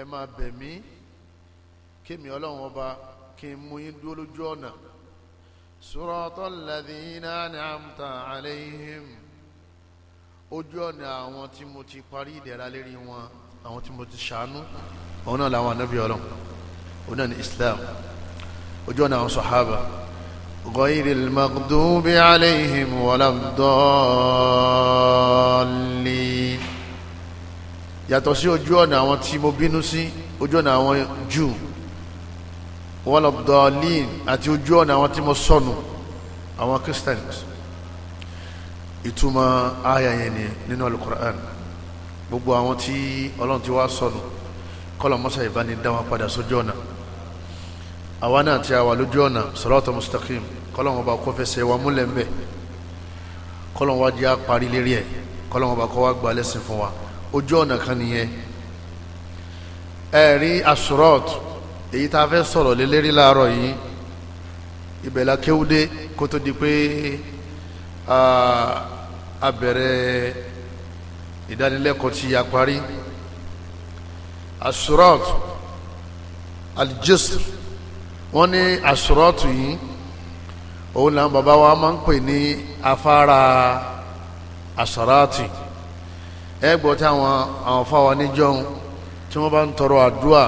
ẹ máa bẹ̀ mí kémi ọlọ́run ọba kí n mú yín dúró lójú ọ̀nà suratal ladhina an'amta alayhim ojú ọ̀nà àwọn tí mo ti parí ìdẹ̀ra lérí wọn àwọn tí mo ti ṣàánú òun náà làwọn anábì ọlọ́run òun náà ni Islam ojú ọ̀nà àwọn sọ̀hábà ghayril maghdubi alayhim walad dallin yàtọ̀ sí ojú ọ̀nà àwọn tí mo bínú sí ojú ọ̀nà àwọn jù wọ́n dọ̀ọ́lìn àti ojú ọ̀nà àwọn tí mo sọnù àwọn christians ìtumọ̀ àyà yẹn ni nínú alukur'an gbogbo àwọn tí ọlọ́run ti wá sọnù kọ́lọ̀ mọ́sá ìbáni dá wọn padà sójú ọ̀nà àwa náà ti àwà lójú ọ̀nà sọ̀rọ̀tọ̀ mustaqim kọ́lọ̀ wọn bá kó fẹsẹ̀ wa múlẹ̀ ń bẹ̀ kọ́lọ̀ wọn wá jẹ́ àparí lérí ẹ̀ kọ́lọ̀ wọn bá kó wá gbalẹ̀ sí fún wa ojú ọ̀nà kan nìyẹn ẹ̀rí asurọ́t èyí tá a fẹ́ sọ̀rọ̀ lé lérí láàárọ̀ yìí ìbẹ̀là kéwúdé kó tó di pé a bẹ̀rẹ̀ ìdánilẹ́kọ̀ọ́ tí a parí asurọ́t aljisr wọ́n ní asurọ́t yìí òun làwọn bàbá wa máa ń pè ní afárá asarati. As ẹ gbọ́ táwọn àwọn fáwọn níjọ́hún tí wọ́n bá ń tọrọ àdúrà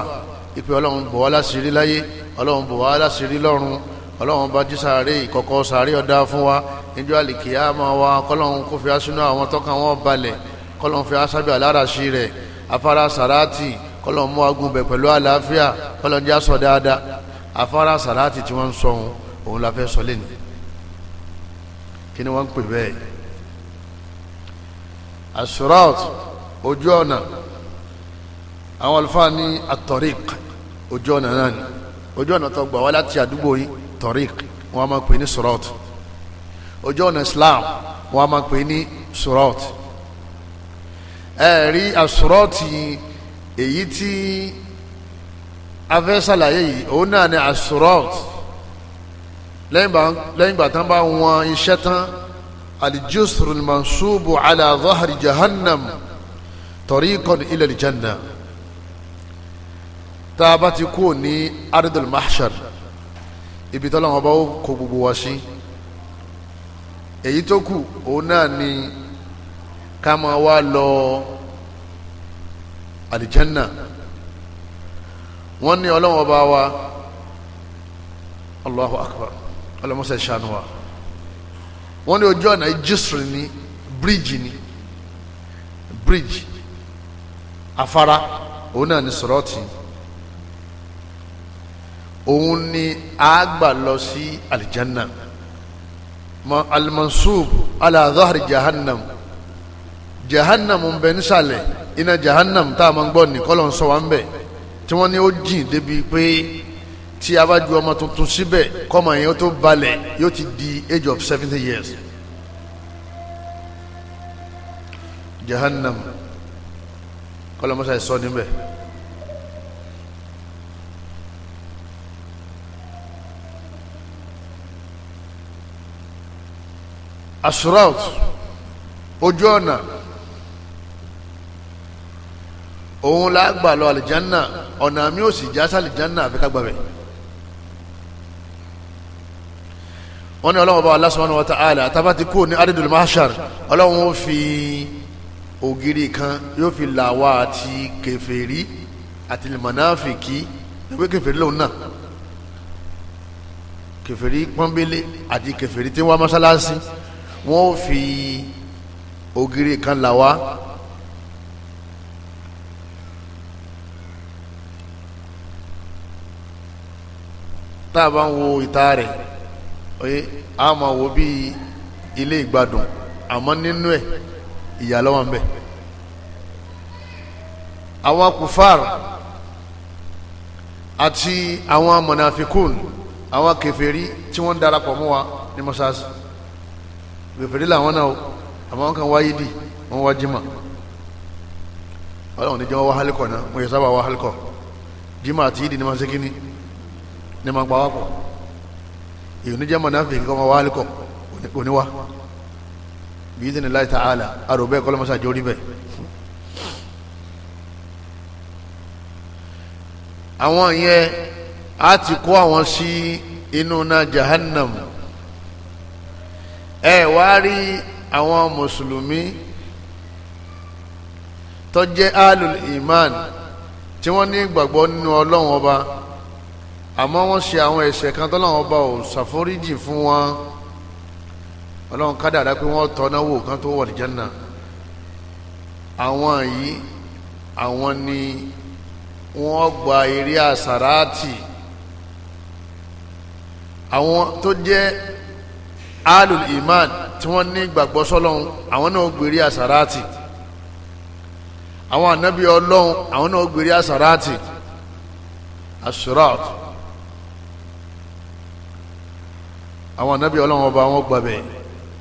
ìpè ọlọ́run bò wá láṣìírí láyé ọlọ́run bò wá láṣìírí lọ́run ọlọ́run bá jí sàárè ìkọ̀kọ̀ sàárè ọ̀dá fún wa níjọ́ àlìkìyà máa wá kọ́lọ́run kó fi aṣínú àwọn tọ́ka wọn balẹ̀ kọ́lọ́run fi aṣábẹ́ aláraṣí rẹ̀ afárá sàráàtì kọ́lọ́run mú agun bẹ̀ pẹ̀lú àlàáfíà kọ́lọ́run já sọ dáadáa afárá sàráàtì tí wọ́n ń sọ òun òun la fẹ́ sọ lẹ́nu kí ni wọ́n ń pè bẹ́ẹ̀ asurat ojú ọ̀nà àwọn àlùfáà ní atọ́rík ojú ọ̀nà náà ni ojú ọ̀nà tó gbà wá láti àdúgbò yìí tọ́rík wọ́n máa pè ní surat ojú ọ̀nà islam wọ́n máa pè ní surat ẹ rí asurat èyí tí afẹ́ yìí òun náà ni asurat lẹ́yìn gbà tán bá wọn iṣẹ́ tán الجسر المنصوب على ظهر جهنم طريق ila aljanna tá a bá ti kú ní ardul mahshar ibi tọ́lá wọn bá kó gbogbo wa sí èyí tó kù òun náà ni ká máa wá lọ alijanna wọ́n ní ọlọ́wọ́n bá wa allahu akbar ọlọ́mọṣẹ́ ṣàánú wa wọ́n ní ojú ọ̀nà jísùrì ni bíríjì ni bíríjì afárá òun náà ni sọ̀rọ̀tì òun ni àgbà lọ sí alìjánná almansub ala dhahri jahannam jahannam ń bẹ nísàlẹ̀ iná jahannam tá a máa ń gbọ́ ní kọ́lọ̀ sọ wá ń bẹ̀ tí wọ́n ní ó jìn débi pé tí a bá ju ọmọ tuntun síbẹ̀ kọ́mọ yẹn tó balẹ̀ yóò ti di age of seventy years jahannam kọlọmọsá ẹ sọ níbẹ̀. asrout ojú ọ̀nà òun la gbà lọ àlìjánná ọ̀nà mi ò sì já sí àlìjánná àfi ká wọ́n ní ọlọ́wọ́ bá Allah subhanahu wa ta'ala tábà ti kú ní adidul mahshar ọlọ́wọ́ fi ògiri kan yóò fi làwa àti kèfèrí àti mọ̀náfìkì ẹgbẹ́ kèfèrí lòun náà kèfèrí pọ́nbélé àti kèfèrí tí wọ́n mọ́sálásí wọ́n fi ògiri kan làwa tá a bá ń wo ìta rẹ̀ oye a máa wo bí ilé ìgbádùn àmọ́ nínú ẹ̀ ìyàlọ́wọ́ ń bẹ àwọn kùfàr àti àwọn mọ̀nàfikún àwọn kèfèrí tí wọ́n darapọ̀ mọ́ wa ní mọ́sáàsì kèfèrí làwọn náà àwọn kan wáyé dì wọ́n wá jimá ọlọ́run níjọ́ wá hálíkọ̀ náà wọ́n yẹ sábà wá hálíkọ̀ jimá àti yídì ní ma ṣe kíní ní ma pa wákọ̀ èyí oníjẹ́ mọ̀nàfíkì kọ́ ọmọ wa alikọ̀ oníwa bíi ní láì tààlà arò bẹ́ẹ̀ kọ́ lọ́mọ́sá jórí bẹ́ẹ̀. àwọn yẹn a ti kó àwọn sí inú náà jahannam ẹ wá rí àwọn mùsùlùmí tó jẹ́ alul iman tí wọ́n ní gbàgbọ́ nínú ọlọ́run ọba àmọ́ wọ́n ṣe àwọn ẹ̀ṣẹ̀ kan tọ́lọ́wọ́n bá ò ṣàforíjì fún wọn ọlọ́run kádàrá pé wọ́n tọ́ náwó kan tó wọ̀ nìjánná àwọn yìí àwọn ni wọ́n gba eré àsàràtì àwọn tó jẹ́ alul iman tí wọ́n ní gbàgbọ́ sọ́lọ́run àwọn náà gbèrè àsàràtì àwọn ànábì ọlọ́run àwọn náà gbèrè àsàràtì asùràtì. àwọn anabi ọlọ́run ọba wọn gbàbẹ̀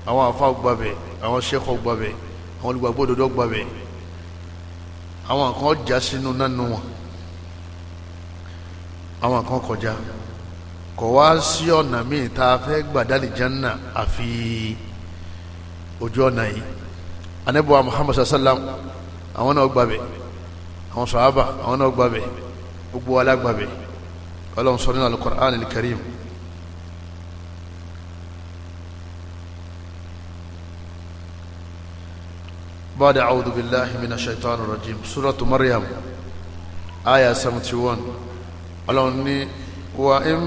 àwọn afa gbàbẹ̀ àwọn sẹ́kọ̀ gbàbẹ̀ àwọn olùgbàgbọ́ òdodo gbàbẹ̀ àwọn kan já sínú nánú wọn àwọn kan kọjá kò wá sí ọ̀nà míì tá a fẹ́ gbàdálì jẹ́nà àfi ojú ọ̀nà yìí anabiwa muhammad sallam àwọn náà gbàbẹ̀ àwọn sàhábà àwọn náà gbàbẹ̀ gbogbo alágbàbẹ̀ ọlọ́run sọ nínú alukur'an alkarim. Al بعد أعوذ بالله من الشيطان الرجيم سورة مريم آية 71 ọlọ́run ní wa in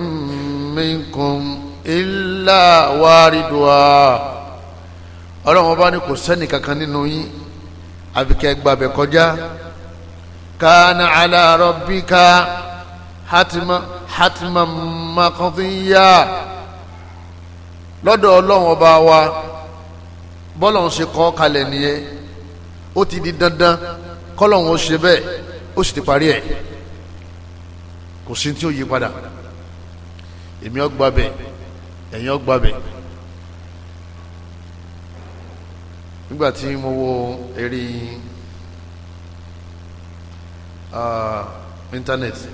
minkum illa wariduha ọlọ́run ọba ní kò sẹ́ni kankan nínú yín àbíkẹ́ gbàbẹ̀ kọjá kana ala rabbika hatima hatima maqdiya lọ́dọ̀ ọlọ́run ọba wa bọ́lọ̀ ń ṣe kọ́ kalẹ̀ nìyẹn ó ti di dandan kọ́lọ́hún ó ṣe bẹ́ẹ̀ ó sì ti parí ẹ̀ kò sí tí ó yí padà èmi ọgbà bẹ̀ ẹ̀yin ọgbà bẹ̀ nígbà tí mo wo eré íńtánẹ́ẹ̀tì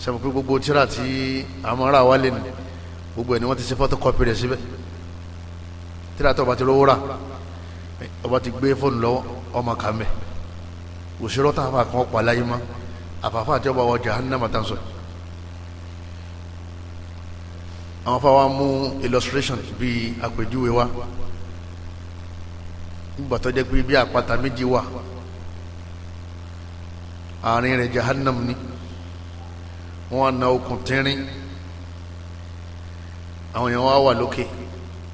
sẹ́mu pé gbogbo tíra tí àwọn ará wa lè ní gbogbo ẹ̀ ni wọ́n ti ṣe photocopy rẹ̀ síbẹ̀ tíra tó bá ti rówó rà ọba ti gbé fóònù lọ́wọ́ ọmọ kan bẹ̀ òṣèré ọ̀tá àfa kan ọ̀pọ̀ aláyé mọ́ àfàfà àti ọba wọ jahannama tá n sọ àwọn afa wa mú illustration bíi àpèjúwe wa nígbà tó jẹ́ pé bí àpáta méjì wà àárín rẹ̀ jahannam ni wọ́n á na okùn tínrín àwọn èèyàn wá wà lókè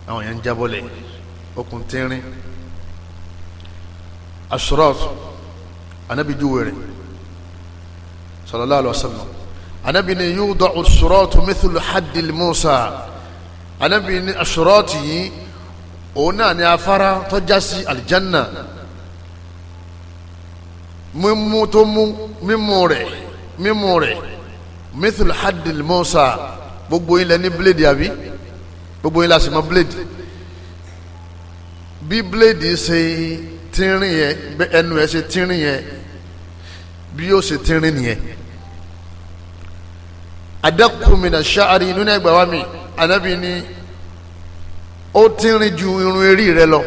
àwọn èèyàn ń jábọ́lẹ̀ okùn tínrín ashraf anabi juwere sallallahu alaihi wasallam anabi ni yudacu surat mithlu hadil musa anabi ni ashraf yìí òun náà ni afárá tó já sí alijanna mímú tó mú mímú rẹ̀ mímú rẹ̀ mithlu hadil musa gbogbo yín lẹ ní bíléèdì àbí gbogbo yín lásìmọ bíléèdì bí bíléèdì ṣe tínrín yẹn ẹnu ẹ ṣe tínrín yẹn bí yóò ṣe tínrín nìyẹn adakumina ṣaari nínú ẹgbàá wa mi anabi ni ó tínrín ju irun eré rẹ lọ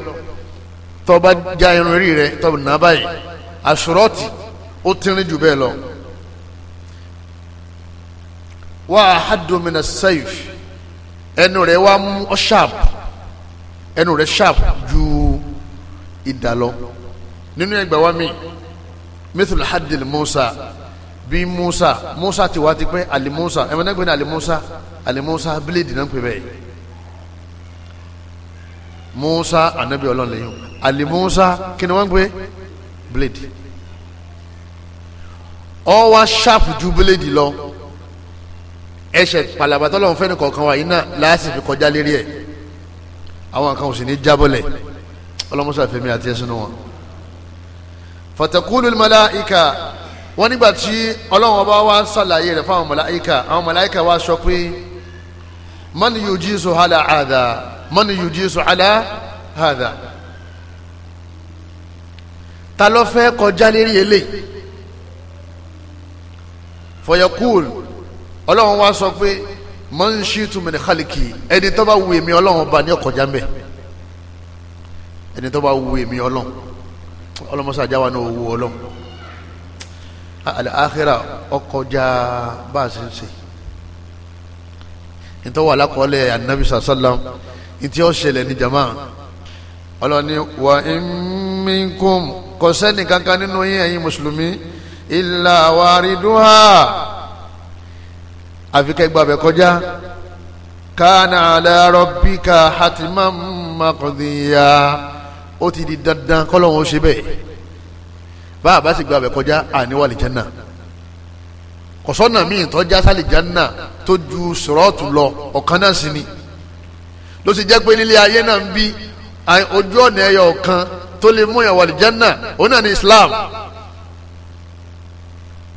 tọba já irun eré rẹ tọba nà báyìí àṣùrọ́ọ̀tì ó tínrín ju bẹ́ẹ̀ lọ wà á saif ẹnu rẹ wà mú ọ ṣáàpù ẹnu rẹ ṣáàpù ju ìdá lọ nínú ẹgbẹ́ wa mi mithul hadil musa bí musa musa ti wá ti pẹ́ alimusa ẹ̀mọ́ náà pé ní alimusa alimusa bíléèdì náà pè bẹ́ẹ̀ musa anabi ọlọ́run lẹ́yìn alimusa kí ni wọ́n ń pè bíléèdì ọ wá ṣáàpù ju bíléèdì lọ ẹsẹ̀ pàlàbàtọ́ lọ́run fẹ́ni kọ̀ọ̀kan wà yìí fi kọjá lérí ẹ̀ àwọn kan ò sì ní jábọ́lẹ̀ ọlọ́mọṣà fèmí àti ẹ̀sìn wọn. fatakulu malaika wọn nígbà tí ọlọ́run ọba wa ṣàlàyé rẹ̀ fáwọn malaika àwọn malaika wa sọ pé man yujisu ala hadha man yujisu ala hadha ta ló fẹ́ kọjá lérí eléyìí fọyọkúl ọlọ́run wa sọ pé man shitu min khaliki ẹni tó bá ọlọ́run ọba ní ọkọjá mbẹ́ ẹni tó bá wu èmi ọlọ́n ọlọ́mọsá jáwa náà wu ọlọ́n àlàáhírà ọkọjá bá a ṣe ń ṣe nítorí wà lákọọ́lẹ̀ anabi sàlám ntí ó ṣẹlẹ̀ ní jama ọlọ́ni wà mínkùm kò sẹ́ni kankan nínú yín ẹ̀yin mùsùlùmí ìlà wàrídùhà àfikẹ́ gbàbẹ̀ kọjá kánà àlẹ́ rọ̀bíkà hàtìmá mọ́kàndínlá ó ti di dandan kọ́lọ́hún ó ṣe bẹ́ẹ̀ bá a bá sì gba abẹ kọjá àníwá lè jẹ́nà kọ̀sọ́nà míì tọ́já sálì jẹ́nà tó ju sọ̀rọ́ọ̀tù lọ ọ̀kan náà sì ni ló sì jẹ́ pé nílé ayé náà ń bí ojú ọ̀nà ẹyọ ọ̀kan tó lè mú ìyàwó àlìjẹ́nà òun náà ní Islam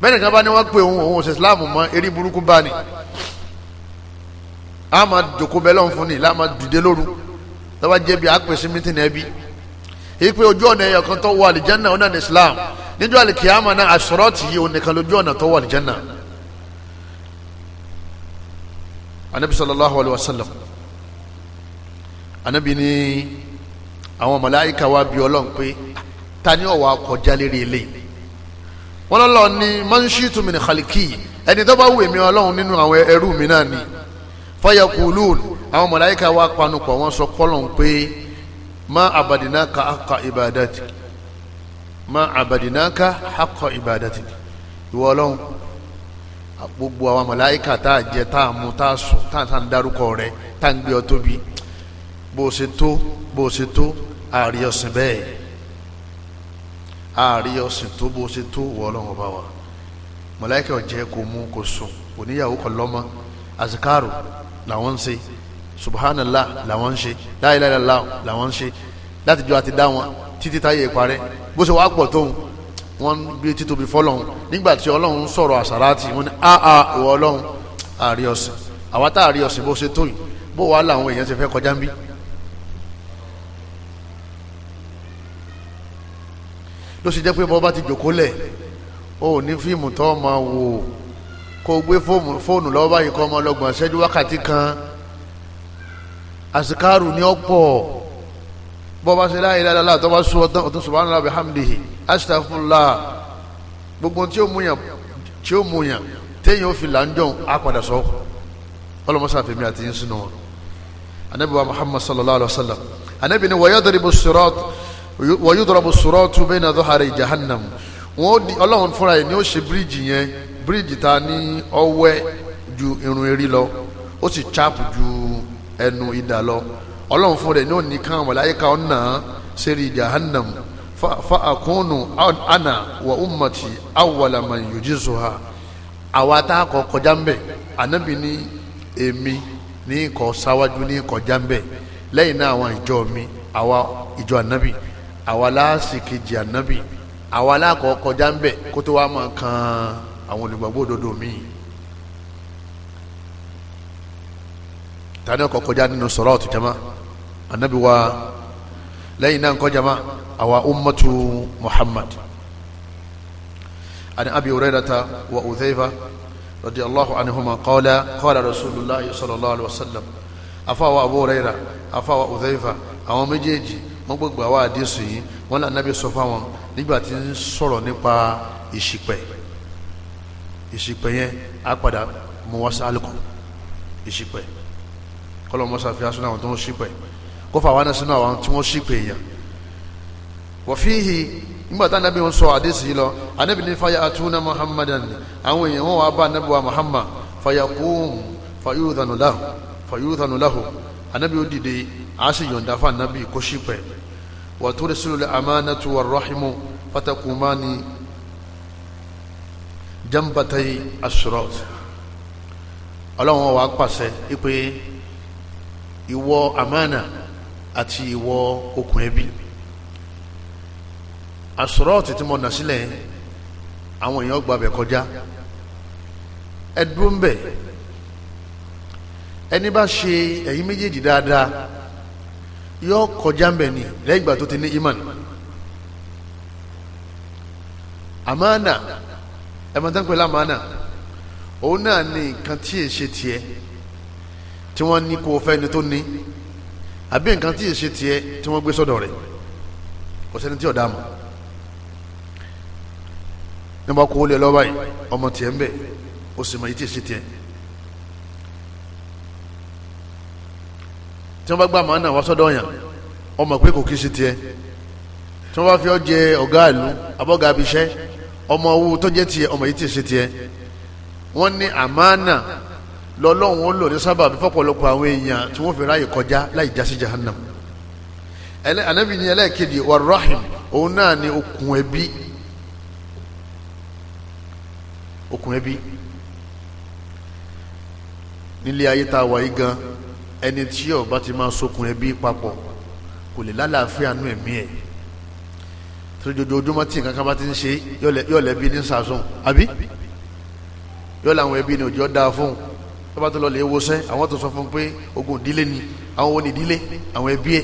mẹ́rin kan bá ní wọ́n pè òun òun ṣe Islam mọ́ eré burúkú bá ní a máa jòkó bẹ́ẹ̀ lọ́n fún ni láà máa dìde lóru lọ́wọ́ jẹ́ bí a pèsè mítìnì ẹbí èyí pé ojú ọ̀nà ẹ̀yọ̀ kan tó wọ àlìjánà ọ̀nà ní Islam níjọ́ àlìkìyàmà náà àṣọrọ́ọ̀tì yìí òun nìkan lójú ọ̀nà tó wọ àlìjánà. anabi sallallahu alayhi wa sallam anabi ni àwọn màláíkà wa bí ọlọ́run pé ta ni ọ̀wà kọjá lérí ilé wọn lọ́lọ́ ni manshitu min khaliki ẹni tó bá wù mí ọlọ́run nínú àwọn ẹrú mi náà ni fayakulun àwọn màláíkà wa panupọ̀ wọn sọ kọ́lọ̀ pé. ما عبدناك حق ibadati ما عبدناك حق ibadati ìwọ ọlọ́run gbogbo àwọn màláíkà tá a jẹ tá a mu tá a sùn tá a dárúkọ rẹ tá a ń gbé ọ tóbi bó o ṣe tó bó o ṣe tó ààrí ọ̀sìn bẹ́ẹ̀ ààrí ọ̀sìn tó bó o ṣe tó ìwọ ọlọ́run ọba wa màláíkà ọ̀jẹ́ kò mu kò sùn kò níyàwó lọ́mọ àzikáàrò làwọn ń ṣe subhanallah làwọn ń ṣe la ilaha illallah làwọn ń ṣe láti jọ àti dá wọn títí táyé parẹ́ bó ṣe wàá pọ̀ tóun wọ́n ń gbé títóbi fọlọ́hún nígbà tí ọlọ́run sọ̀rọ̀ àsàràtì wọ́n ní aa ìwọ ọlọ́run àrí ọ̀sìn àwa tá àrí ọ̀sìn bó ṣe tó yìí bó wàá làwọn èèyàn ṣe fẹ́ kọjá ń bí. ló ṣe jẹ́ pé bọ́ bá ti jòkó lẹ̀ o ní fíìmù tó máa wò kó gbé fóònù lọ́wọ́ báyìí kọ́ ọmọ ọlọ́gbọ̀n ṣẹ́jú wákàtí kan azikaru ni ọ̀pọ̀ bọba ṣe la ilaha illallah tọba sọ ọtún subhanallah bihamdihi astaghfirullah gbogbo tí ó múyàn tí ó múyàn téèyàn fi làǹjọ̀n á padà sọ ọlọmọsá fèmí àti yín sínú wọn anabi wa muhammad sallallahu alaihi wa sallam anabi ni wayadribu sirat wayudrabu siratu bayna dhuhari jahannam wọn di ọlọ́run fúnra yìí ni ó ṣe bíríìjì yẹn bíríìjì ta ní ọwẹ́ ju irun eré lọ ó sì chaapu ju ẹnu idà lọ ọlọ́run fún rẹ̀ ní òní kan màláíkà ọ̀nà sẹ́rí jahannam fa àkóónù ana wa ummati awwala man yujizuha àwa tá a kọ kọjá ń bẹ ànábì ní èmi ní kọ sáwájú ní kọjá ń bẹ lẹ́yìn náà àwọn ìjọ mi àwa ìjọ ànábì àwa láàsì kejì ànábì àwa láàkọ kọjá ń bẹ kó tó wá máa kan àwọn olùgbàgbọ́ òdodo míì. tani ọkọ̀ kọjá nínú sọ̀rọ̀tù jama anabi wa lẹ́yìn náà nkọ́ jama àwa ummatu muhammad ani abi hurairata wa udhaifa radiyallahu anhuma qala qala rasulullahi sallallahu alaihi wasallam afawa abu huraira afawa udhaifa àwọn méjèèjì wọ́n gbogbo àwa àdísù yìí wọ́n lànà bí sọ fáwọn nígbà tí ń sọ̀rọ̀ nípa ìṣìpẹ̀ ìṣìpẹ̀ yẹn á padà mú wá kọlọ́mọ sàfi aṣọ náà tó ń ṣìpẹ̀ kó fà wá náà sínú àwọn tí wọ́n ṣìpẹ̀ èèyàn wọ́fíìhì nígbà tá anábì ń sọ àdéhùn yìí lọ anábì ní fàyà àtúnà muhammadan àwọn èèyàn wọn wàá bá anábì wa muhammad fàyà kóòm fàyúdhanulahu fàyúdhanulahu anábì ó dìde àá yọ̀ǹda fún anábì kó ṣìpẹ̀ wà tó lè sílùú lè amánatu wà rọ́ọ̀hìmù fatakumani jambatai asurọ́ọ̀tì ọlọ́run wa pàṣẹ ipe ìwọ amánà àti ìwọ okùn ẹbí àsọ̀rọ̀ títí mo nà sílẹ̀ àwọn èèyàn gba bẹ̀ kọjá ẹ dúró ń bẹ̀ ẹni bá ṣe ẹ̀yìn méjèèjì dáadáa yóò kọjá ń ni lẹ́yìn ìgbà tó ti ní imán amánà ẹ̀ mọ̀ tán pẹ̀lú amánà òun náà ní nǹkan tí èsì tiẹ̀ tí wọ́n ní kó o fẹ́ ni tó ní àbí nǹkan tí èsì tiẹ̀ tí wọ́n gbé sọ́dọ̀ rẹ̀ kò sẹ́ni tí ọ̀dà mọ̀ nígbà kó o lè lọ́ba yìí ọmọ tiẹ̀ ń bẹ̀ o sì mọ̀ èyí tí èsì tiẹ̀ tí wọ́n bá gbà máa ń nà wá sọ́dọ̀ yàn ọmọ pé kò kí sí tiẹ̀ tí wọ́n bá fi ọ́ jẹ ọ̀gá ìlú abọ́gà abiṣẹ́ ọmọ owó tó jẹ́ tiẹ̀ ọmọ èyí tí èsì tiẹ̀ wọ́n ní àmánà lọ́lọ́run ó lò ní sábàbí fọ́pọ̀lọpọ̀ àwọn èèyàn tí wọ́n fi ráyè kọjá láì já sí jahannam anabi ni ẹlẹ́ẹ̀kejì warahim òun náà ni okùn ẹbí okùn ẹbí nílé ayé tá a wà yí gan ẹni tí ó bá ti máa sokùn ẹbí papọ̀ kò lè lálàáfíà nú ẹ̀mí ẹ̀ tó tí nǹkan kan bá ti ń ṣe yọ̀lẹ̀ bí ní sàásùn àbí yọ̀lẹ̀ àwọn ẹbí ni òjò dáa fún un tó bá tó lọ lè wọṣẹ́ àwọn tó sọ fún pé ogun ìdílé ni àwọn wo ni ìdílé àwọn ẹbí ẹ̀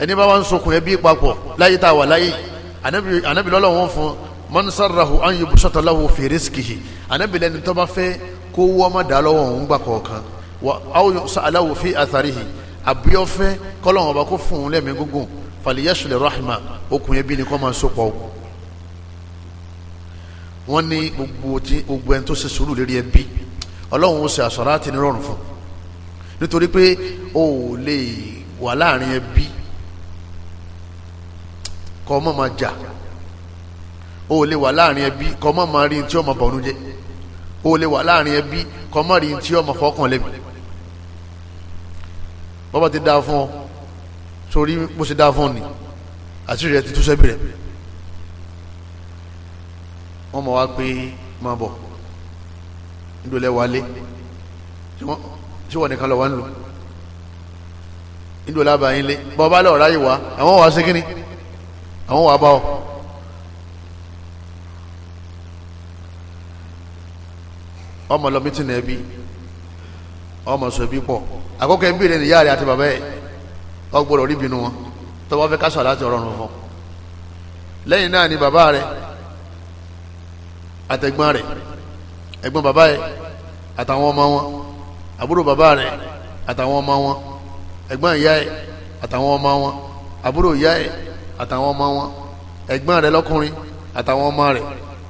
ẹni bá wà ń sokùn ẹbí papọ̀ láyé tá a wà láyé ànábì lọ́lọ́ wọn fún mọ́nsáràhù ayé bùsọ̀tàláwò fèrèsìkìhì ànábì lẹ́ni tó bá fẹ́ kó wọ́n má dà lọ́wọ́ òun gbà kọ̀ọ̀kan wà áwọn sàláwò fi àtàríhì àbíọ́fẹ́ kọ́lọ́wọ́n ọba kó fún un lẹ́mìí gúngùn fàlìyẹ́sùlẹ̀ rahma okùn ẹbí ni kọ́ máa sopọ̀ okùn wọ́n ní gbogbo tí gbogbo ẹni tó ṣe sùúrù lérí ẹbí ọlọ́run ó ṣe àsọ̀rá ti ní rọrùn fún nítorí pé o ò lè wà láàrin ẹbí kọ́ ọmọ máa jà o ò lè wà láàrin ẹbí kọ́ ọmọ máa rí tí ọmọ bọ̀nú jẹ o ò lè wà láàrin ẹbí kọ́ ọmọ rí tí ọmọ fọkàn lẹ́bi bọ́bá ti dáa fún ọ sórí bó ṣe dáa fún ọ ni àti rẹ̀ ti tú sẹ́bi rẹ̀ wọ́n mọ̀ wá pé máa bọ̀ nídòlẹ́ wálé tí wọ́n nìkan lọ wá ń lò nídòlẹ́ àbáyé lé bọ́ bá lọ́ọ̀ ráyè wá àwọn wàá sékínì àwọn wàá bá ọ. ọmọ lọ mítìnì ẹbí ọmọ sọ ẹbí pọ̀ àkókò ẹbí rẹ nìyá rẹ àti bàbá ẹ ọgbọ́dọ̀ rí bínú wọn tọ́wọ́ fẹ́ ká sọ àláti ọ̀rọ̀ ọ̀run fún lẹ́yìn náà ni bàbá rẹ àtẹ̀gbọ́n rẹ̀ ẹ̀gbọ́n bàbá yẹ àtàwọn ọmọ wọn àbúrò bàbá rẹ̀ àtàwọn ọmọ wọn ẹ̀gbọ́n ìyá yẹ àtàwọn ọmọ wọn àbúrò ìyá yẹ àtàwọn ọmọ wọn ẹ̀gbọ́n rẹ̀ lọ́kùnrin àtàwọn ọmọ rẹ̀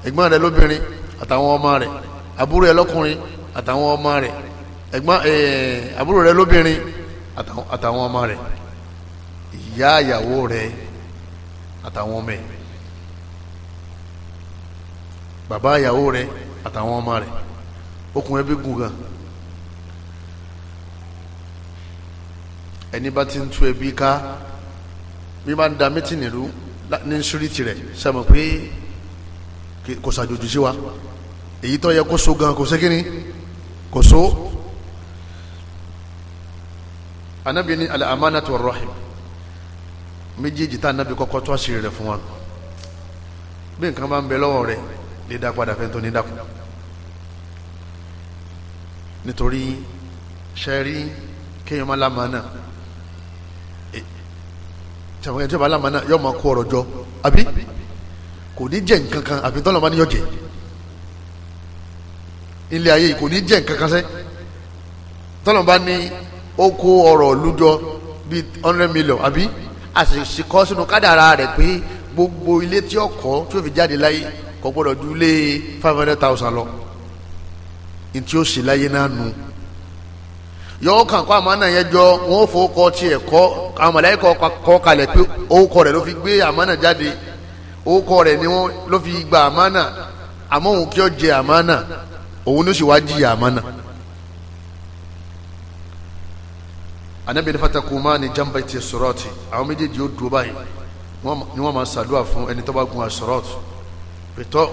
ẹ̀gbọ́n rẹ̀ lóbìnrin àtàwọn ọmọ rẹ̀ àbúrò rẹ̀ lọ́kùnrin àtàwọn ọmọ rẹ̀ ẹ̀gbọ́n àbúrò rẹ̀ lóbìnrin àtàwọn ọmọ rẹ̀ ìyá ìyàwó rẹ̀ àtàwọn ọmọ rẹ̀ bàbá ìyàwó rẹ àtàwọn ọmọ rẹ okùn ẹbí gùn gan ẹni bá ti ń tú ẹbí ká bí bá ń da mítìnì rú ní ṣúrìtì rẹ sẹmọ pé kò ṣàjòjì sí wa èyí tó yẹ kó so gan kò sékìní kò so anabi ni al-amanatu war-rahim méjèèjì tá anabi kọ́kọ́ tó àṣírí rẹ̀ fún wa bí nǹkan bá ń bẹ lọ́wọ́ rẹ̀ dídá padà fẹ́ tó ní dákú nítorí ṣẹ́rí kéèyàn má lámàánà tẹ̀wọ̀n tí ó bá lámàánà yóò máa kó ọ̀rọ̀ jọ àbí kò ní jẹ́ nǹkan kan àfi tọ́lọ̀ bá níyọ̀ jẹ́ ilé ayé kò ní jẹ́ nǹkan kan sẹ́ tọ́lọ̀ bá ní ó kó ọ̀rọ̀ lújọ bíi hundred million àbí àṣìṣe kọ́ sínú kádàrá rẹ̀ pé gbogbo ilé tí ó kọ́ tí fi jáde láyé kò gbọ́dọ̀ ju lé five hundred thousand lọ ntí ó sì láyé náà nù yọ̀ọ́ kàn kó àmánà yẹn jọ wọn ò fowó kọ́ tiẹ̀ kọ́ àwọn mọ̀lẹ́yìn kọ́ kalẹ̀ pé owó kọ́ rẹ̀ ló fi gbé àmánà jáde owó kọ́ rẹ̀ ni wọ́n ló fi gba àmánà àmọ́ òun kí ó jẹ àmánà òun ló sì wá jìyà àmánà. anabi fatakun máa ní jamba ti sọ̀rọ̀ ti àwọn méjèèjì ó dúró báyìí ni wọ́n máa ṣàdúrà fún ẹni tó bá gun àsọ̀rọ̀ tù pẹ̀tọ́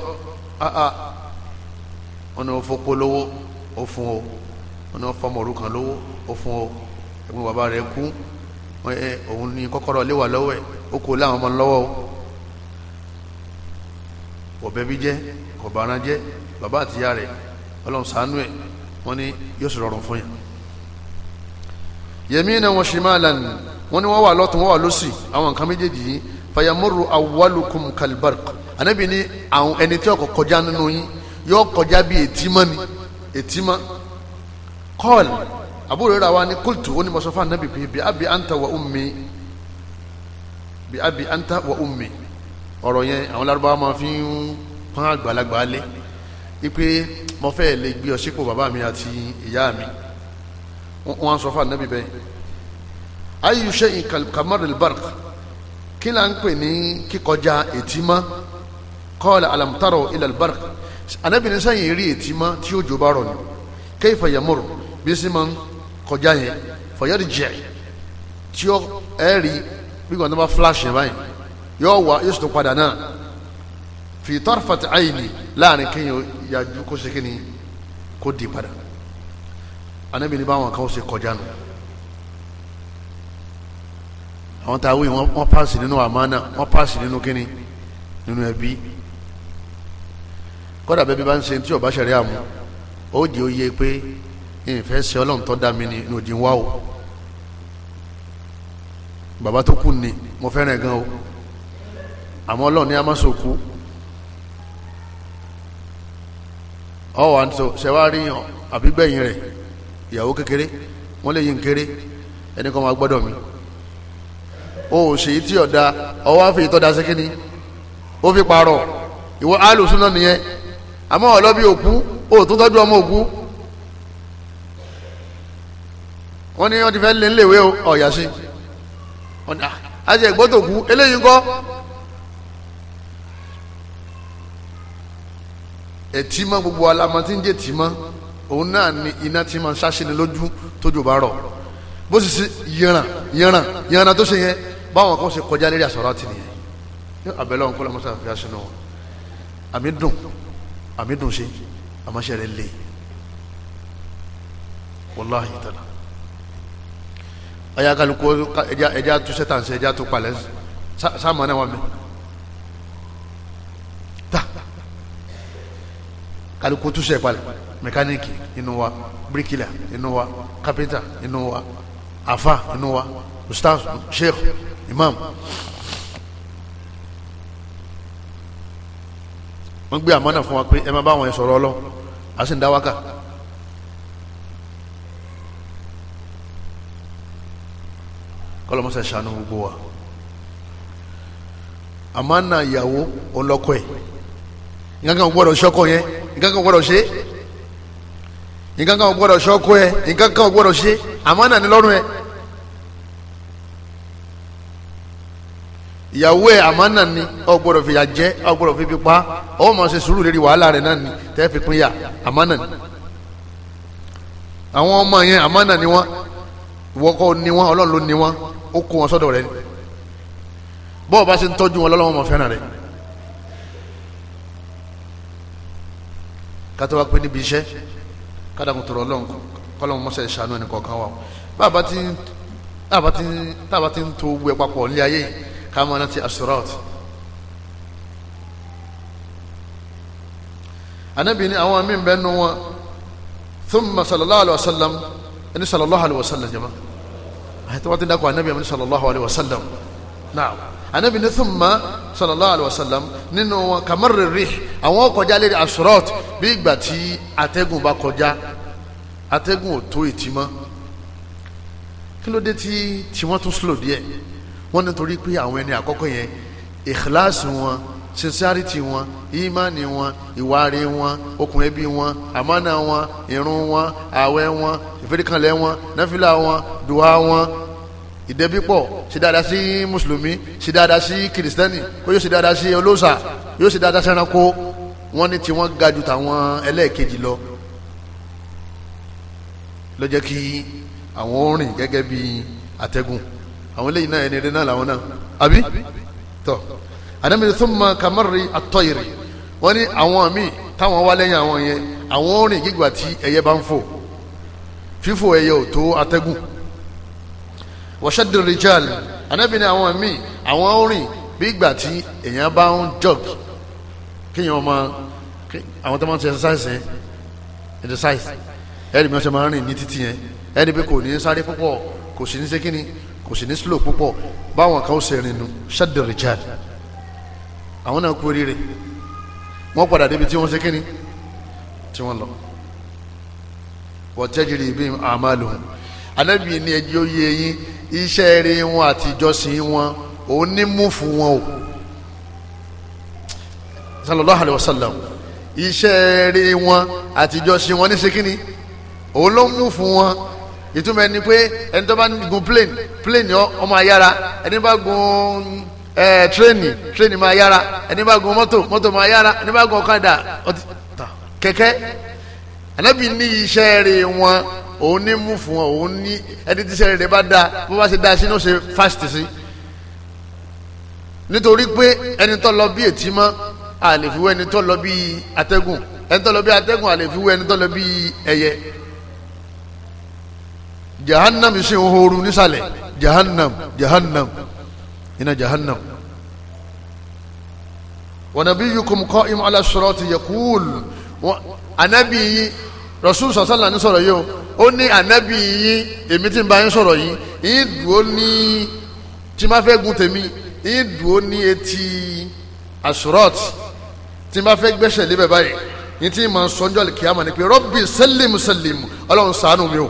áá wọn ni wọ́n fọ́pọ̀ lówó ó fún o wọn ni wọ́n fọ́ mọ̀rú kan lówó ó fún o ẹ̀gbọ́n bàbá rẹ̀ kú òun ni kọ́kọ́rọ́ léwà lọ́wọ́ ẹ̀ ó kó láwọn ọmọ lọ́wọ́ o ọ̀bẹ bí jẹ́ ọ̀bàrán jẹ́ bàbá àtìyá rẹ̀ ọlọ́run ṣàánú ẹ̀ wọ́n ní yóò sì rọrùn fún yàn yẹmí náà wọ́n ṣe máa lànà wọ́n ní wọ́n wà lọ́tún wọ́n wà lọ́sì àwọn nǹkan méjèèjì yìí fayamuru awwalukum kalbarq anabi ni àwọn ẹni tí ọkọ̀ kọjá nínú yín yóò kọjá bí ètímọ́ ni ètímọ́ kọ́ọ̀lì àbúrò rẹ̀ wa ni kóòtù ó ní mọ̀sọ́fà anabi pé bí abi anta wa ummi bí abi anta wa ummi ọ̀rọ̀ yẹn àwọn lárúbáwá máa fi ń pọ́n àgbàlagbà lé ipe mo fẹ́ lè gbé ọ sípò bàbá mi àti ìyá mi wọ́n sọ fún anabi bẹ́ẹ̀ ayu shay'in kal kamar al-barq kí là ń pè ní kíkọjá ètímọ́ kọ́ọ̀lá alamtaro ilalbar anábìrin sẹ́yìn rí ètí mọ́ tí ó jò bá rọ̀ ni kayfa yamur bí sí máa ń kọjá yẹn fọyọ́dì jẹ́ tí ó ẹ̀ rí gbígbọ́n tó bá flash yẹn báyìí yóò wá yóò sì tó padà náà fi tarfat ayni láàrin kéèyàn yájú kó ṣe kíni kó di padà anábìrin báwọn kan ó ṣe kọjá nù àwọn tá wọn paasi nínú àmánà wọn paasi nínú kíni nínú ẹbí kódà bẹ́ẹ̀ bí bá ń ṣe tí ọba ṣẹ̀rí àmú ó di oyè pé ìfẹ́ ṣe ọlọ́run tó dá mi ni ní òdì wá o baba tó kù ni mo fẹ́ràn gan o àmọ́ ọlọ́run ní a má sòkú ọ wà ní sọ ṣẹwárí àbígbẹ̀yìn rẹ̀ ìyàwó kékeré wọ́n lè yí nkéré ẹni kan máa gbọ́dọ̀ mi o ò ṣèyí tí ọ̀dà ọwọ́ àfẹ́yìí da sí kínní ó fi pààrọ̀ ìwọ alùsùn náà nìyẹn àmọ́ ọlọ́bí òkú òòtún tọ́jú ọmọ òkú wọ́n ní wọ́n ti fẹ́ lé ńlẹ̀wé ọ̀yà sí ọ̀dà àti ah, ẹ̀gbọ́tòkú eléyìí ńkọ́ ẹtí mọ gbogbo alamọ tí ń jẹ tí mọ òun náà ni iná tí mọ ń ṣáṣẹni lójú tójú bá rọ bó sì ṣe yẹran yẹran yẹran tó ṣe yẹn báwọn kan ṣe kọjá lérí àsọ̀rọ̀ àti nìyẹn abẹ́lẹ́ wọn kọ́ fi aṣọ náà àmì dùn àmì dùn ṣe àmọ́ṣẹ́ rẹ̀ lè wọláhì tàlà ayá kálukú ẹjá tó sẹ́tàǹsẹ̀ ẹjá tó palẹ̀ sáàmà náà wà mí tà kálukú tó sẹ́ palẹ̀ mẹkáníìkì inú wa bíríkìlà inú wa kápẹ́ntà inú wa afa inú wa ustaz sheikh imam. wọ́n gbé àmọ́nà fún wa pé ẹ máa bá àwọn yẹn sọ̀rọ̀ ọlọ́run a sì ń dá wákà kọlọmọsẹ ṣàánú gbogbo wa àmọ́nà ìyàwó ọlọ́kọ ẹ̀ nǹkan kan gbọ́dọ̀ ṣọ́kọ yẹn nǹkan kan gbọ́dọ̀ ṣe nǹkan kan gbọ́dọ̀ ṣọ́kọ ẹ̀ nǹkan kan gbọ́dọ̀ ṣe àmọ́nà ni lọ́rùn ẹ̀ ìyàwó ẹ àmánà ni ọ gbọ́dọ̀ fìyà jẹ ọ gbọ́dọ̀ fi pípa ọ máa ṣe sùúrù lérí wàhálà rẹ náà ni tẹ fi pínyà àmánà ni àwọn ọmọ yẹn àmánà ni wọn ìwọkọ ni wọn Ọlọ́run ló ni wọn ó kó wọn sọ́dọ̀ rẹ ni bọ́ọ̀ bá ṣe ń tọ́jú wọn lọ́lọ́wọ́ ọmọ fẹ́ràn rẹ kátó wá pé níbi iṣẹ́ kádàkùn tó gbogbo ẹ papọ̀ ká máa rántí asurọ́t anabi ni àwọn míì bẹ́ẹ̀ nu wọn thumma sallallahu alayhi wa sallam ẹni sallallahu alayhi wa sallam jama àti wọ́n ti dákọ̀ anabi ẹni sallallahu alayhi wa sallam naam anabi ni thumma sallallahu alayhi wa sallam nínú wọn kamarri rih àwọn kọjá lérí asurọ́t bí ìgbà tí atẹ́gùn bá kọjá atẹ́gùn ò tó ìtìmọ́ kí ló dé tí tí wọ́n nítorí pé àwọn ẹni àkọ́kọ́ yẹn ìkíláàsì wọn sincerity wọn ìmánì wọn ìwárí wọn okùn ẹbí wọn àmánà wọn ìrun wọn ààwẹ̀ wọn ìfẹ́ríkànlẹ̀ wọn náfìlà wọn dùwà wọn ìdẹ́bípọ̀ ṣe dáadáa sí mùsùlùmí ṣe dáadáa sí kìrìsìtẹ́nì ó yóò ṣe dáadáa sí olóòṣà yóò ṣe dáadáa sẹ́ranko wọ́n ní tiwọn ga ju tàwọn ẹlẹ́ẹ̀kejì lọ ló kí àwọn orin gẹ́gẹ́ bí atẹ́gùn àwọn eléyìí náà ẹni rẹ náà làwọn náà àbí tọ àdàmì thumma kamari at-tayri wọn ní àwọn míì táwọn wá lẹ́yìn àwọn yẹn àwọn rìn gígbà tí ẹyẹ bá ń fò fífò ẹyẹ ò tó atẹ́gùn wa shaddi rijal àdàmì ní àwọn míì àwọn rìn bí ìgbà tí bá ń jog kéèyàn ọmọ àwọn tó máa ń ṣe exercise yẹn exercise ẹ̀ẹ́dì mi ọ̀sẹ̀ máa ń rìn ní títì yẹn ẹ̀ẹ́dì pé kò ní sáré púpọ̀ kò sí ní sékíní kò sì ní slow púpọ̀ báwọn kan ó ṣe rìn nu ṣáàdì rìjáàd àwọn náà kú oríire wọ́n padà débi tí wọ́n ṣe kíni tí wọ́n lọ wọ́n tẹ́jìrì bí àmàlù anábì ní ẹjẹ́ ó yé yín iṣẹ́ rí wọn àti ìjọsìn wọn òun ní mú fún wọn o sallallahu alayhi wa sallam iṣẹ́ rí wọn àti ìjọsìn wọn ní ṣe kíni òun ló mú fún wọn ìtumọ̀ ẹni pé ẹni tó bá gun plane plane ó máa yára ẹni bá gun ẹ tírẹ́nì tírẹ́nì máa yára ẹni bá gun mọ́tò mọ́tò máa yára ẹni bá gun ọ̀kadà kẹ̀kẹ́ ànábì ní iṣẹ́ rẹ̀ wọn òun ní mú fún wọn òun ní ẹni tí iṣẹ́ rẹ̀ bá dáa bó bá ṣe dáa sínú ṣe fásitì sí nítorí pé ẹni tó lọ bí ètí mọ́ àlè ẹni tó lọ bí atẹ́gùn ẹni tó lọ bí atẹ́gùn àlè ẹni tó lọ bí ẹyẹ jahannam ṣe ooru nísàlẹ̀ jahannam jahannam iná jahannam wa nabiyyukum qa'imun ala sirati yaqul anabi yìí rasul sọ̀sánlá ní sọ̀rọ̀ yìí ó ní anabi yìí èmi tí ń bá yín sọ̀rọ̀ yìí yìí dùn ó ní tí máa fẹ́ gun tèmi yìí dùn ó ní etí asirat tí máa fẹ́ gbẹ́sẹ̀ lébẹ̀ báyìí yìí tí máa sọ́njọ́ kìámà ni pé rọ́bì sẹ́lẹ̀mù sẹ́lẹ̀mù ọlọ́run ṣàánú mi o.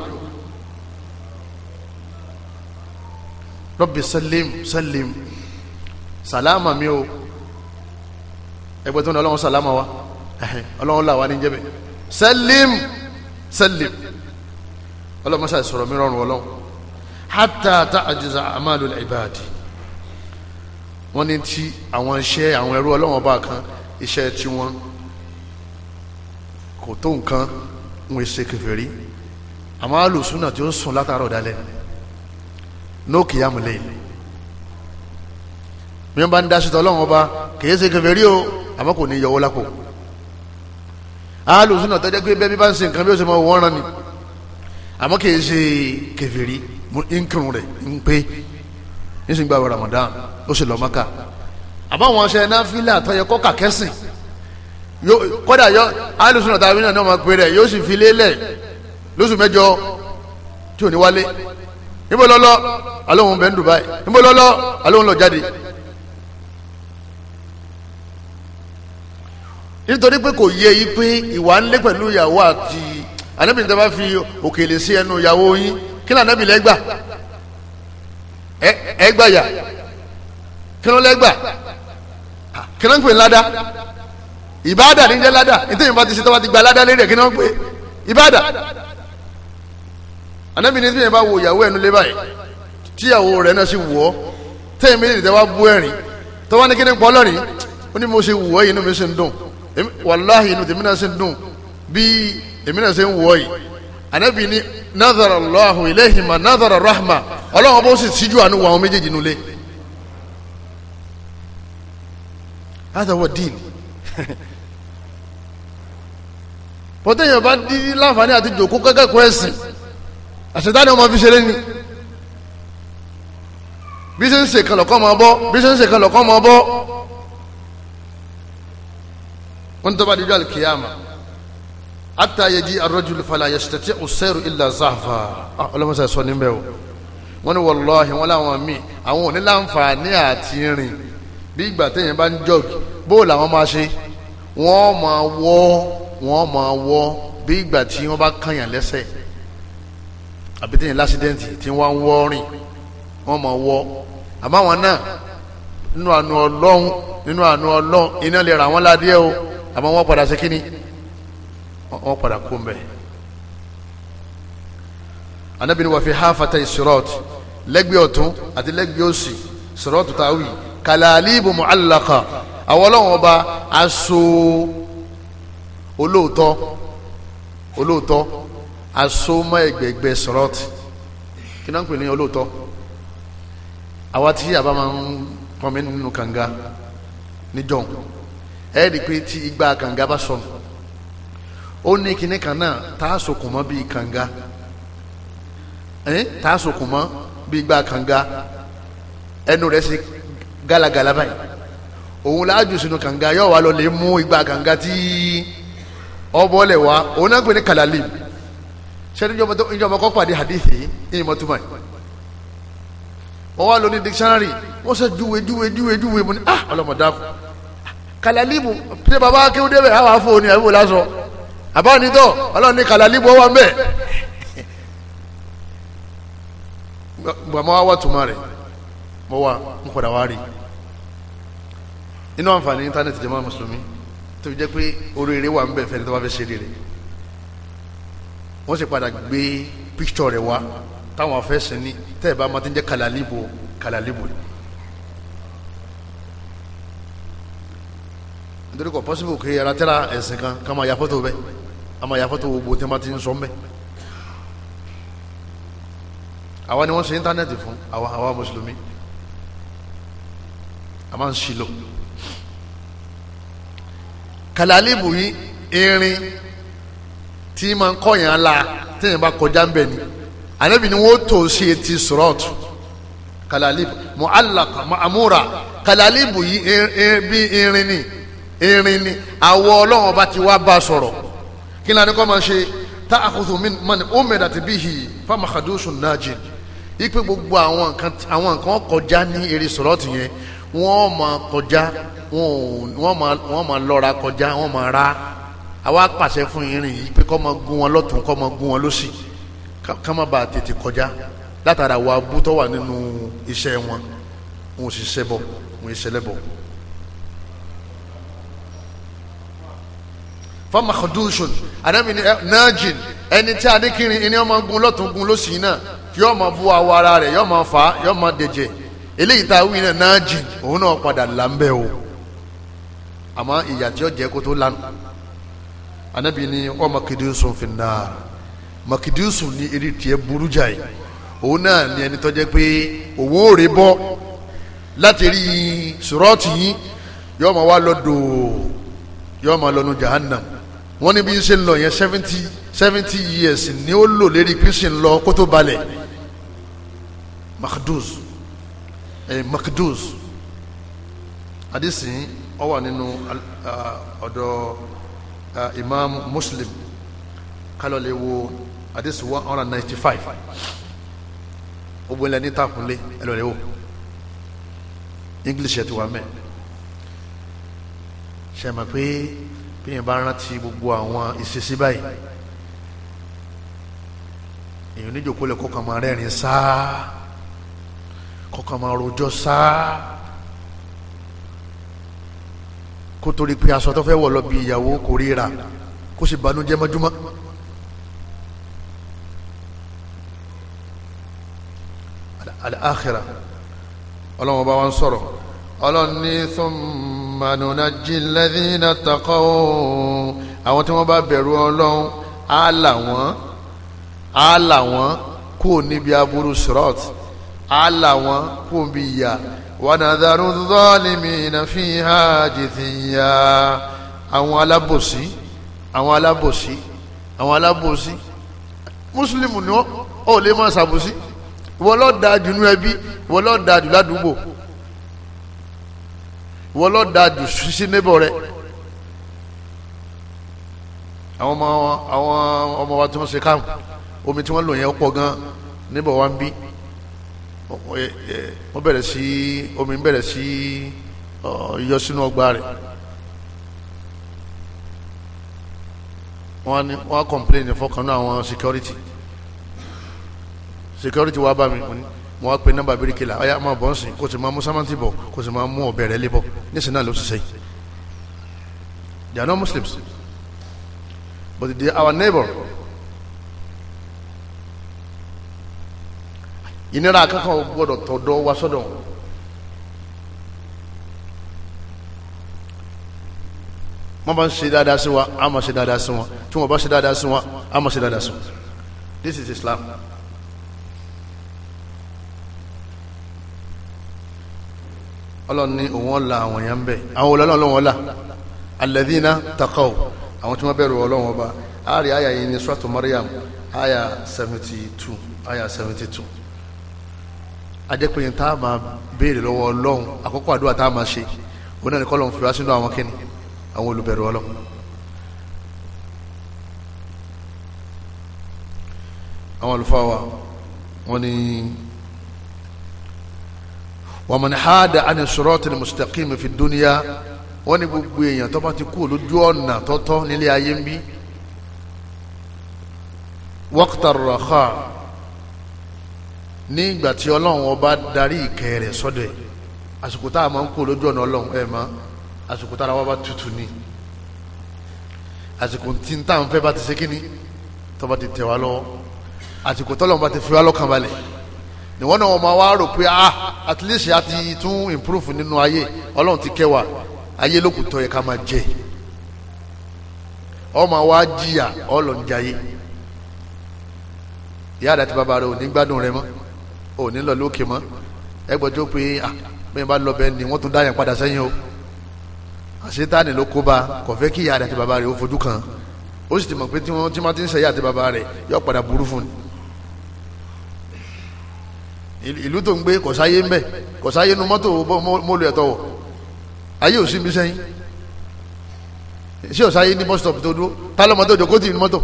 rọ́bì sẹ́lẹ̀m sẹ́lẹ̀m sàlámà mi o ẹgbẹ́ tó ní ọlọ́run sàlámà wa ọlọ́run làwa ní jẹ́bẹ̀ sẹ́lẹ̀m sẹ́lẹ̀m ọlọ́run mọ́sá ìsọ̀rọ̀ mi rọrùn ọlọ́run hátà tá àjùzà àmàlù ìbàdí wọ́n ní tí àwọn iṣẹ́ àwọn ẹrú ọlọ́run ọba kan iṣẹ́ tí wọ́n kò tó nǹkan ń ṣe kèfèrí àmàlù súnà tí ó sùn látàárọ̀ dalẹ́ no kìyàmù lẹ́yìn bí wọ́n bá ń dá sítọ́ ọlọ́run ọba kìí ṣe kèfèrí o àmọ́ kò ní yọwọ́ lápò alùsùn náà tọ́jú pé bẹ́ẹ̀ bí bá ń ṣe nǹkan bí ó ṣe máa wọ́n rán ni àmọ́ kìí ṣe kèfèrí nkírun rẹ̀ ń pé nísìnyí gba Ramadan ó sì lọ Maka àmọ́ àwọn ọ̀ṣẹ́ náfìlà àtọ́yẹ kọ́kà kẹ́sìn kódà yọ alùsùn náà tàbí náà ní ọmọ pé rẹ̀ yóò sì fi lélẹ̀ lóṣù mẹ́jọ tí ò ní wálé níbo lọ́lọ́ alóhùn bẹ́ẹ̀ ń Dubai níbo lọ́lọ́ alóhùn lọ jáde. nítorí pé kò yẹ yí pé ìwà ń lé pẹ̀lú ìyàwó àti anábìrin tó bá fi òkèlè sí ẹnu ìyàwó yín kí lóò anábìrin ẹgbà ẹgbà yà kí lóò lẹ́gbà kí lóò ń pè ládàá ìbáàdà níjẹ́ ládàá nítorí ìbá ti ṣe tó bá ti gba ládàá lérè kí lóò ń pè ìbáàdà anabi ní tíyẹn bá wo ìyàwó ẹnu lé báyìí tíyàwó rẹ̀ náà sì wù ọ́ tẹ́yìn méjèèjì tẹ́ wá bú ẹ̀rín tó wá ní kíni pọ́ lọ́rìn ó ní mo ṣe wù ọ́ yìí inú mi ṣe ń dùn wàláhì inú tèmi náà ṣe ń dùn bí èmi náà ṣe ń wù yìí anabi nazara allahu ilayhima nazara rahma ọlọ́run bó sì síjú àánú wọ méjèèjì nulẹ̀ hada wa din bọ́tẹ́yìn ọba dídí láǹfààní àti jòkó kẹ́kẹ́ kọ́ àṣetá ni ọmọ fi ṣeré ni bí ṣe ń ṣe kan lọ́kọ́ máa bọ́ bí ṣe ń ṣe kan lọ́kọ́ máa bọ́ wọ́n tó bá dijọ́ alikiyama ata yẹ di arọ́jú fala yẹ ṣètẹ́tẹ́ ọ̀sẹ́rù ilà záfà ah, ọlọ́mọṣẹ́ sọ níbẹ̀ o wọ́n ní wàlláhi wọ́n láwọn míì àwọn ò láǹfààní àti rìn bí ìgbà téèyàn bá ń jọ́ọ̀gì bóò làwọn máa ṣe wọ́n máa wọ́ wọ́n máa wọ́ bí ìgbà tí wọ́n bá kànyàn lẹ́sẹ̀ àbí tẹ̀yìn lásìdẹ́ǹtì tí wọ́n ń wọ́ rìn wọ́n mọ̀ wọ́ àmọ́ àwọn náà nínú àánú ọlọ́run nínú àánú ọlọ́run iná lè ra wọn ládìẹ o àmọ́ wọ́n padà sí kínní wọ́n padà kú mbẹ́. anábìíní wà fi háfàtà ìṣòrọ́t lẹ́gbẹ̀ẹ́ ọ̀tún àti lẹ́gbẹ̀ẹ́ òsì ṣòrọ́t táwì kàlàlíbù mu'allaqa àwọn ọlọ́run ọba aṣọ olóòótọ́ olóòótọ́ asoma ẹgbẹgbẹ sọrọtì kí náà ń pè ní olóòótọ́ àwa tí àbá máa ń pọnmi nínú kànga níjọ́ ẹ rí i pé tí igba kànga bá sọnù ó ní kinní kan náà tá a sokùn mọ́ bíi kànga ẹ tá a sokùn mọ́ bíi igba kànga ẹnu rẹ̀ ṣe gálagàlà báyìí òun láàjù sínú kànga yóò wá igba kànga tí ọbọ lẹ òun náà ń pè sẹ́ni ìjọba kọ́ pàdé hadithi yìí ní ìmọ̀ túmọ̀ yìí wọ́n wá lọ ní dictionary wọ́n sọ júwe júwe júwe júwe mu ni ah ọlọ́mọdá kù kalalibu ṣé baba akéwù débẹ̀ àwọn afọ òní àbúrò lásọ àbánitọ́ ọlọ́run ní kalalibu ọwọ́ ń bẹ̀ gbàmọ́ wa wá tuma rẹ̀ mọ́ wa ń padà wá rí inú àǹfààní íńtánẹ́ẹ̀tì jẹ́ mọ́ mùsùlùmí tó fi jẹ́ pé oríire wà ń bẹ̀ tó bá fẹ́ ṣe rere wọ́n sì padà gbé píkítọ̀ rẹ̀ wá táwọn afẹ́sìn ní tẹ́ ẹ bá máa ti ń jẹ́ kàlálíbò kàlálíbò ni. nítorí kò pọ́sibú kiri ara tẹ́ra ẹ̀sìn kan ká máa ya fọ́tò bẹ́ẹ̀ a máa ya fọ́tò gbogbo tí wọ́n ti ń sọ mẹ́. àwa ni wọ́n ṣe íńtánẹ́ẹ̀tì fún àwa àwa mùsùlùmí a máa ń ṣìlò kàlálíbò yìí irin tí máa ń kọ́yàn la téèyàn bá kọjá ń bẹ̀ ni anabi ni wọ́n tó sí etí sọ̀rọ̀tù kàlálíbù mu'allaka ma'amura kàlálíbù yìí er, er, bí irin ni irin ni àwọ̀ ọlọ́run ọba ti wá bá sọ̀rọ̀ kí ni kọ́ máa ṣe ta'khudhu min man umidat bihi famahadusun najin ipe gbogbo àwọn nǹkan àwọn nǹkan kọjá ní eré sọ̀rọ̀tù yẹn wọ́n máa kọjá wọ́n máa lọ́ra kọjá wọ́n máa ra àwa pàṣẹ fún irin yìí pé kó máa gún wọn lọ́tún kó máa gún wọn lọ́sì ká má bàa tètè kọjá látara wa bú tó wà nínú iṣẹ́ wọn wọn ò sì ṣẹbọ wọn ò ṣẹlẹ́bọ. fama khadushin anabi najin ẹni tí a ní kiri ẹni ọmọ gun lọ́tún gun lọ́sì náà yóò máa bu awọ ara rẹ̀ yóò máa fà yóò máa dẹ̀jẹ̀ eléyìí tá a wí náà najin òun náà padà là ń bẹ̀ o àmọ́ ìyà tí ó jẹ́ kó tó lánàá anabi ni ọmọ kìdínsùn fìnnà ni ní eré tiẹ̀ e burú jáì òun náà ni ẹni tọ́jẹ́ pé òun ò rè bọ́ láti rí sùrọ́ọ̀tì yín yọ́ọ́ máa wá lọ́dọ̀ yọ́ọ́ máa lọ́nu jahannam wọ́n ní bí ṣe ń lọ seventy seventy years ni ó lò lérí kristi ń lọ kó tó balẹ̀ makidus makidus adisi ó wà nínú ah, ọ̀dọ̀. Uh, Uh, imam muslim kálọ̀ lè wo àdìsí one hundred ninety five ó bọ́ ilẹ̀ ní takunlé ẹ lọ́ọ́ lè wo english ẹ̀ ti wà mẹ́ ṣe mọ̀ pé bí yẹn bá rántí gbogbo àwọn ìṣesí báyìí èèyàn níjòkó lè kọ́kàn máa rẹ́rìn sáá kọ́kàn máa rojọ́ sáá kó torí pé aṣọ tó fẹ́ wọ̀ lọ bí ìyàwó kò ríra kó sì banújẹ́ mọ́júmọ́. al-akhirah ọlọ́run bá wa ń sọ̀rọ̀ ọlọ́run ní thumma nunajji alladhina taqaw àwọn tí wọ́n bá bẹ̀rù ọlọ́run á là wọ́n á là wọ́n kúrò níbi aburú sirat á là wọ́n kúrò níbi ìyà wọnàdàrú zọ́ọ̀lìmí nàfíhà jìtìyà àwọn alábòsí àwọn alábòsí àwọn alábòsí mùsùlùmí ni wọ́n ò lè máa ṣàbòsí wọ́n lọ́ọ́ da jù nú ẹbí wọ́n lọ́ọ́ da jù ládùúgbò wọ́n lọ́ọ́ da jù sí níbọ̀ rẹ̀ àwọn ọmọ àwọn ọmọ wa tí wọ́n ṣe káàmù omi tí wọ́n lò yẹn pọ̀ gan níbọ̀ wa ń bí. Eh, eh, wọ́n bẹ̀rẹ̀ sí omi bẹ̀rẹ̀ sí yọ sínú ọgbà rẹ̀ wọ́n á complain fọkàn náà àwọn security security wa bá mi mo wá pe nọ́mbà birikila ọ̀ya máa bọ̀ ń sìn kó sì máa mú sámántì bọ̀ kó sì máa mú ọ̀bẹ lé bọ̀ nísìnyí náà ló ṣiṣẹ́ yìí they are not Muslims but they are our neighbor. ìnira kankan ò gbọdọ̀ tọ̀dọ̀ wa sọ́dọ̀ wọ́n bá ń ṣe dáadáa sí wa a máa ṣe dáadáa sí wọn tí wọ́n bá ṣe dáadáa sí wọn a máa ṣe dáadáa sí wọn this is Islam ọlọ́run ní òun ọ̀la àwọn èèyàn ń bẹ̀ àwọn olólùwọ̀n ọ̀la alladhina taqaw àwọn tí wọ́n bẹ̀rù ọlọ́run ọba àárí àyà yìí ní suratu Maryam àyà two. àyà 72 ajẹ́pẹ́ yẹn tá a máa béèrè lọ́wọ́ ọlọ́run àkọ́kọ́ àdúrà tá a máa ṣe òun náà ni kọ́lọ́run fi wá sínú àwọn kíni àwọn olùbẹ̀rù ọlọ́run. àwọn àlùfáà wa wọ́n ní wa man hada ani siratil mustaqim fi dunya wọ́n ní gbogbo èèyàn tó bá ti kú lójú ọ̀nà tọ́tọ́ nílé ayé ń bí waqtar raha ní ìgbà tí ọlọ́run ọba darí ìkẹ́ rẹ̀ sọ́dọ̀ ẹ̀ àsìkò tá a máa ń kó lójú ọ̀nà ọlọ́run ẹ̀ mọ́ àsìkò tára wa bá tutù ni àsìkò tí n táwọn fẹ́ bá ti ṣe kí ni tó bá ti tẹ̀ wá lọ́wọ́ àsìkò tọ́lọ́run bá ti fi wá lọ́kàn balẹ̀ níwọ́n náà wọ́n máa wá rò pé ah at least a ti tún improve nínú ayé ọlọ́run ti kẹ́ wa ayé lókùtọ̀ yẹ ká máa jẹ ọmọ wa jìyà ọlọ́njayé ìyá àdàtì bàbá rẹ ò ní gbádùn rẹ mọ́ ò lọ lókè mọ́ ẹgbẹ́jọ́ pé bẹ́ẹ̀ bá lọ bẹ́ẹ̀ ni wọ́n tún dá yẹn padà sẹ́yìn o àṣetáni ló kó ba kò fẹ́ kí ìyá rẹ̀ àti bàbá rẹ̀ ó fojú kan ó sì ti mọ̀ pé tí wọ́n ti máa ti ń sẹ́yìn àti bàbá rẹ̀ yọ padà burú fún un ìlú tó ń gbé kò sáyé ń bẹ kò sáyé nu mọ́tò mọ́lù ẹ̀tọ́ wọ̀ ayé ò sí mi sẹ́yìn sí ọ̀sáyé ní bọ́sítọ̀pù tó dúró tá lọ́mọ tó jókòó tì ní mọ́tò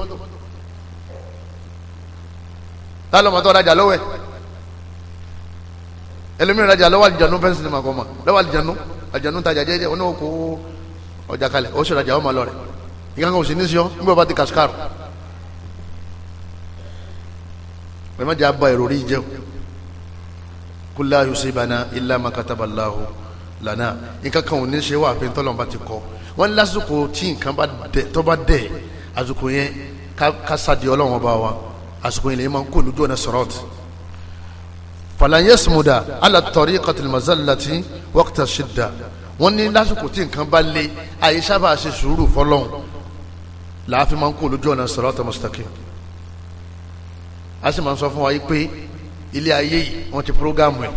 tá lọ́mọ lọ́wọ́ ẹ̀ ẹlòmíràn rajà lọ́wọ́ àlìjànú fẹ́ǹsì ni màkọ́ ma lọ́wọ́ àlìjànú àlìjànú tajà jẹ́jẹ́ oní òkú ọjà kalẹ̀ ó sì rajà ọmọ lọ rẹ̀ ìkankan òsì ní sọ nígbà bá ti kàṣkàrù ẹ má jẹ́ èrò rí jẹun kula yusibana illa ma kataballahu lana nǹkan kan ò ní ṣe wà àfihàn tọ́lọ́mùbá ti kọ́ wọ́n lásìkò tí nǹkan bá dẹ̀ tọ́ bá àsìkò yẹn ká sàdí ọlọ́wọ́n wa àsìkò yẹn lè máa kó lójú ọ̀nà sọ̀rọ̀tì fàlàyé sùmùdà alàtọ̀rí kọtìlmọ̀sálàtì wọ́kítà ṣìdá wọ́n ní lásìkò tí nǹkan bá lé àyè sábà ṣe sùúrù fọlọ́hún làáfin máa ń kó olójú ọ̀nà sirata mustaqim a sì máa ń sọ fún wa yìí pé ilé ayé yìí wọ́n ti prógámù ẹ̀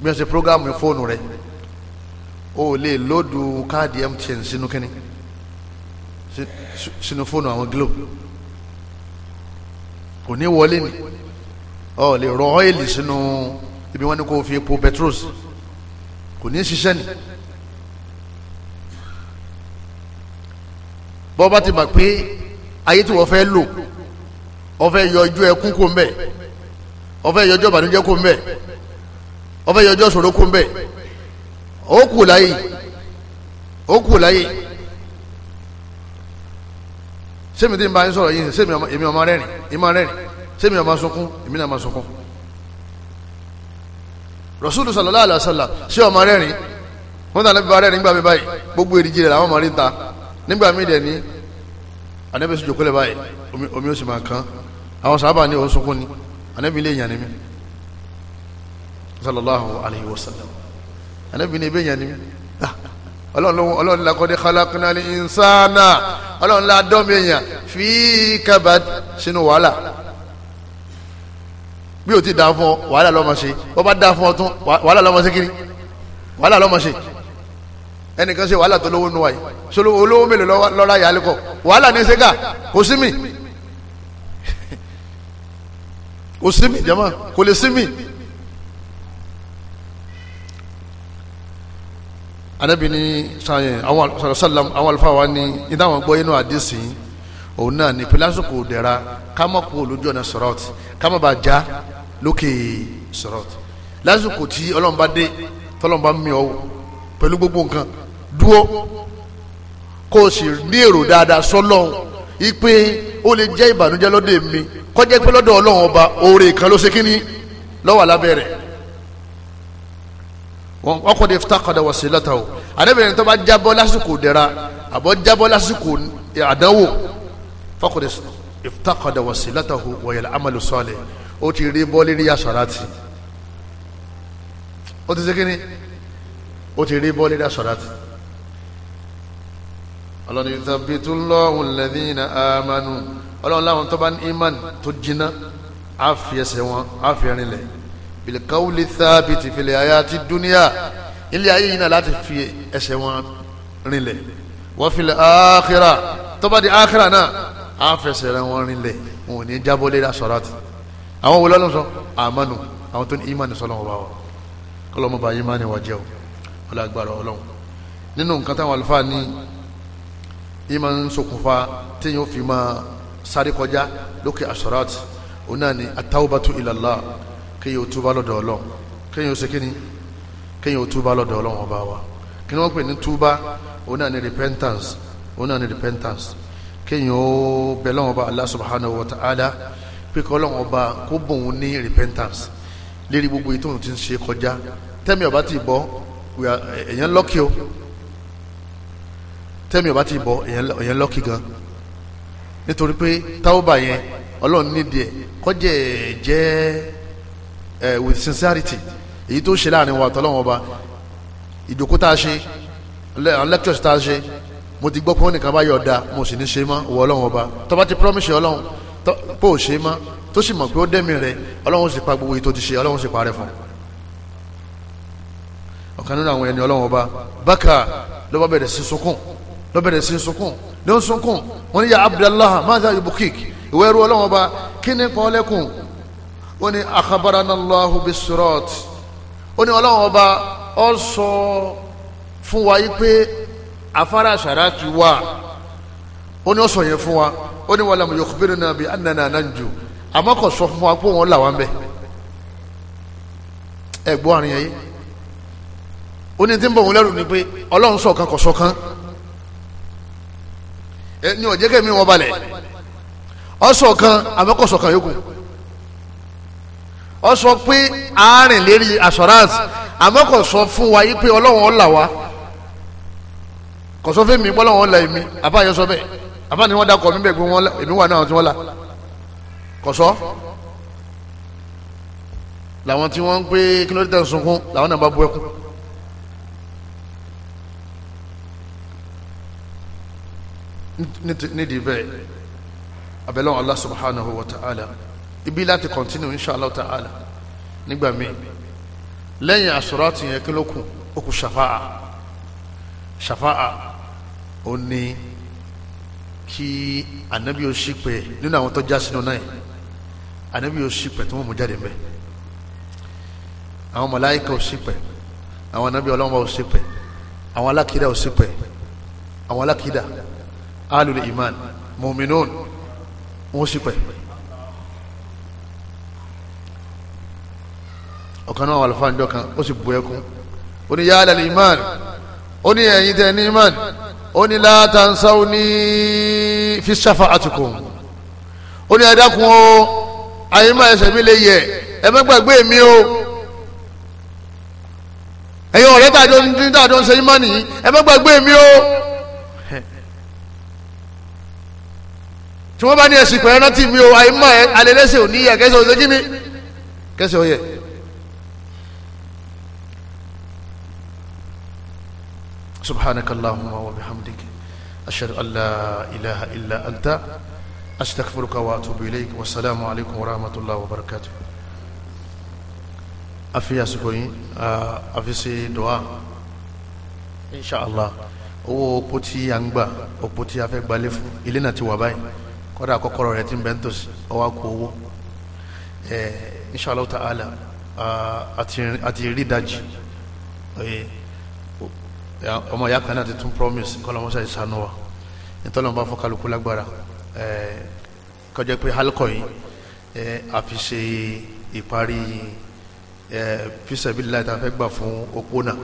bí wọ́n ṣe prógámù fóònù rẹ̀ o lè lóòdù káàdì MTN sínú kínní sínú fóònù àwọn Glo kò ní wọlé ni ọ lè rọ ọ́ìlì sínú ibi wọn ni kò fi epo petros kò ní ṣiṣẹ́ ni bọ́ bá ti mọ̀ pé ayé tí wọ́n fẹ́ lò wọ́n fẹ́ yọ ọjọ́ ẹkún kó mbẹ́ wọ́n fẹ́ yọ ọjọ́ ìbànújẹ́ kó mbẹ́ wọ́n fẹ́ yọ ọjọ́ ìṣòro kó mbẹ́ ó kù láyé ó kù láyé sẹ́mi tí n bá ń sọ̀rọ̀ yìí sẹ́mi èmi ọmọ rẹ́rìn-ín ìmọ̀ rẹ́rìn-ín sẹ́mi ọmọ sunkún èmi náà máa sunkún Rasulu sallallahu alaihi wasallam ṣé ọmọ rẹ́rìn wọ́n tàn níbi rẹ́rìn nígbà mi báyìí gbogbo èrìjì rẹ̀ làwọn ọmọ rí ta nígbà mi dẹ̀ ní anabi sojoko lẹ báyìí omi ó sì máa kán àwọn sábà ní òun sunkún ni anabi lè yàn ni mi sallallahu alaihi wasallam anabi ní ebe yàn ni mi ah, ọlọ́run lakọ́dé khalaqnal insana ọlọ́run la dọ́mi fi kabad sínú wàhálà bí o ti da fún ọ wàhálà lọ́mọ ṣe bọ́ bá da fún ọ tún wàhálà lọ́mọ ṣe kiri wàhálà lọ́mọ ṣe ẹnìkan ṣe wàhálà tó lówó nu wa yìí olówó mélòó lọ́ra yà á wàhálà ní sẹ́gà kò sí mi kò sí mi jama kò lè sí mi. anabi ni sanyẹ àwọn salam àwọn alifa wa ni ìdáwọn gbọ́ inú àdìsí òun náà ni pílásìkò dẹ̀ra kámọ́kù olójú ọ̀nà sọ̀rọ̀tì kámọ́bà já lókè sọ̀rọ̀t lásìkò tí ọlọ́run bá dé tọ́lọ́run bá mi ọ̀wọ̀ pẹ̀lú gbogbo nǹkan dúró kó o sì ní èrò dáadáa sọ́lọ́run ipe ó lè jẹ́ ìbànújẹ́ lọ́dọ̀ mi kọjá pé lọ́dọ̀ ọlọ́run ọba oore kan ló ṣe kí ni lọ́wọ́ alábẹ́rẹ́ wọn ọkọ̀ de fitakọ̀dà wọ̀ sí lọ́tà o àdébẹ̀rẹ̀ tó bá jábọ́ lásìkò dẹ̀ra àbọ̀ jábọ́ lásìkò àdánwò fọkọ̀ de wọ̀ sí lọ́tà o wọ̀nyẹ̀lẹ̀ amalu sọ́ọ̀lẹ̀ ó ti rí bọ́ lérí asọ̀ràtì ó ti ṣe kí ni ó ti rí bọ́ lérí asọ̀ràtì ọlọ́ni ìtàbítú lọ́hùn lẹ́dínà àmánú ọlọ́run láwọn tó bá ní imán tó jiná á fi ẹsẹ̀ wọn á fi ẹrin lẹ̀ bìlìkàwùlì thábìtì fìlẹ̀ ayá ti dúníà ilé ayé yìí náà láti fi ẹsẹ̀ wọn rinlẹ̀ wọ́n fi lẹ̀ áàkìrà tó bá di áàkìrà náà á fẹsẹ̀ wọn rinlẹ̀ wọn ò ní jábọ́ lérí asọ̀ràtì àwọn wo lọ́lọ́ sọ àmánu àwọn tó ní ìmánu sọlọ́n ọba wa kọlọ́ mọba ìmánu wa jẹ́ o ọlọ́ agbára ọlọ́run nínú nǹkan táwọn àlùfáà ní ìmánu ṣokùnfà téèyàn fi máa sáré kọjá lókè asọ́rat òun náà ni atáwọ́bátú ìlàlá kéèyàn ó túbá lọ́dọ̀ ọlọ́run kéèyàn ó ṣe kíni kéèyàn ó túbá lọ́dọ̀ ọlọ́run ọba wa kí ni wọ́n pè ní túbá òun náà ni repentance òun náà ni repentance kéèyàn ó bẹ̀ lọ́wọ́ bá Allah subhanahu wa ta'ala pé kọ́ ọlọ́run ọba kó bùn ún ní repentance lérí gbogbo èyí tóun ti ń ṣe kọjá tẹ́mi ọba ti bọ́ èèyàn lọ́kì o tẹ́mi ọba ti bọ́ èèyàn lọ́kì gan nítorí pé táwọ́bà yẹn ọlọ́run nídìí ẹ̀ kọ́jẹ́ jẹ́ ẹ̀ with sincerity èyí tó ṣe láàrin wa àtọ́lọ́wọ́n ọba ìjókòó tá a ṣe lectures tá a ṣe mo ti gbọ́ pé wọ́n nìkan bá yọ̀ ọ̀dà mo sì ní ṣe mọ́ òwò ọlọ́run ọba tó bá ti promise ọlọ́run bó o ṣe má tó sì mọ̀ pé ó dẹ́mi rẹ ọlọ́run sì pa gbogbo ètò ti ṣe ọlọ́run sì parẹ́ fún ọ̀kan nínú àwọn ẹni ọlọ́run ọba bákà ló bá bẹ̀rẹ̀ sí sunkún ló bẹ̀rẹ̀ sí sunkún ló ń sunkún wọn ní ya abdullah maza yubukik ìwé ẹrú ọlọ́run ọba kí ni kọ́ lẹ́kùn ó ní akabaranallahu surat. ó ní ọlọ́run ọba ọ sọ fún wa yí pé afárá àṣàrà ti wà ó ní ọ sọ yẹn fún wa ó ní wàlámù yukhbiruna bi annana nanju àmọ́ kò sọ fún wa pé òun là wà ń bẹ̀ ẹ gbọ́ àrùn yẹn yé ó ní tí ń bọ̀ òun lẹ́rù ni pé ọlọ́run sọ̀kan kò sọ̀kan ẹ ní òjẹ́kẹ́ mi wọ́n balẹ̀ ọ̀sọ̀kan àmọ́ kò sọ̀kan yókù ọ sọ pé àárín lérí assurance àmọ́ kò sọ fún wa yìí pé ọlọ́run ọ̀là wa kò sọ fún mi pé ọlọ́run ọ̀là mi àbáyọ sọ bẹ́ẹ̀ àfáàní wọn dakọ mi bẹ gbé wọn la èmi wà náà tí wọn la kọsọ làwọn tí wọn ń pé kílódítà sunkún làwọn náà bá ẹkún. nídìí bẹ́ẹ̀ abẹ́lẹ́wọ̀n Allah subhanahu wa ta'ala ibi láti continue inshallah ta'ala nígbà míì lẹ́yìn àsọ̀rọ̀tì yẹn kí ló kù ó kù kí ànábì ó sì pé nínú àwọn tó já sínú náà ànábì ó sì pé tí wọ́n mú jáde mbẹ́ àwọn màláíkà ó sì pé àwọn ànábì ọlọ́wọ́ ó sì pé àwọn alákìdá ó sì pé àwọn alákìdá alul iman mu'minun wọ́n sì pé. ọ̀kan náà wà lọ́fà ńjọ kan ó sì bu ẹkún ó ní yálà ní iman ó ní ẹ̀yin tẹ́ ní iman ó ní la tansawni fi shafa'atikum ó ní ẹ dákun o àyè máa ẹsẹ̀ mi lè yẹ ẹ má mi o ẹ̀yin ọ̀rẹ́ tàjọ ní tàjọ ń ṣe yín mọ́ nìyí ẹ má gbàgbé mi o tí wọ́n bá ní ẹ̀sìn pẹ̀lú ẹ̀rántì mi o àyè máa alẹ́ lẹ́sẹ̀ ò ní yẹ kẹsẹ̀ ò lójú mi kẹsẹ̀ ò yẹ. سبحانك اللهم وبحمدك أشهد أن لا إله إلا أنت أستغفرك وأتوب إليك والسلام عليكم ورحمة الله وبركاته أفيا سكوين أفيسي دعاء إن شاء الله أو بوتي يانغبا أو بوتي gbà opó tí a fẹ́ gbalé fún ilé náà ti wà báyìí kọ́dà àkọ́kọ́rọ̀ rẹ̀ ti ń bẹ ọmọ ìyá kan náà ti tún promise kọ́lọ́mọṣẹ́ ìsànú wa nítorí wọn bá fọ́ kálukú lágbára kọjá pé halkọ́ yìí àfi ṣe ìparí fisabila ta fẹ́ gbà fún opó náà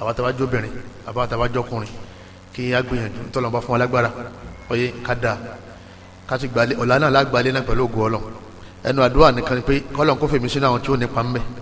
àbá tá a bá jóbìnrin àbá tá a bá jọkùnrin kí a gbìyànjú nítorí wọn bá fún wa lágbára ọyẹ ká dáa ká ti gbalẹ̀ ọ̀la náà lágbàlẹ̀ náà pẹ̀lú ògùn ọlọ́ ẹnu àdúrà nìkan pé kọ́lọ́n kó fèmí sínú àwọn tí ó nípa ń bẹ́ẹ̀.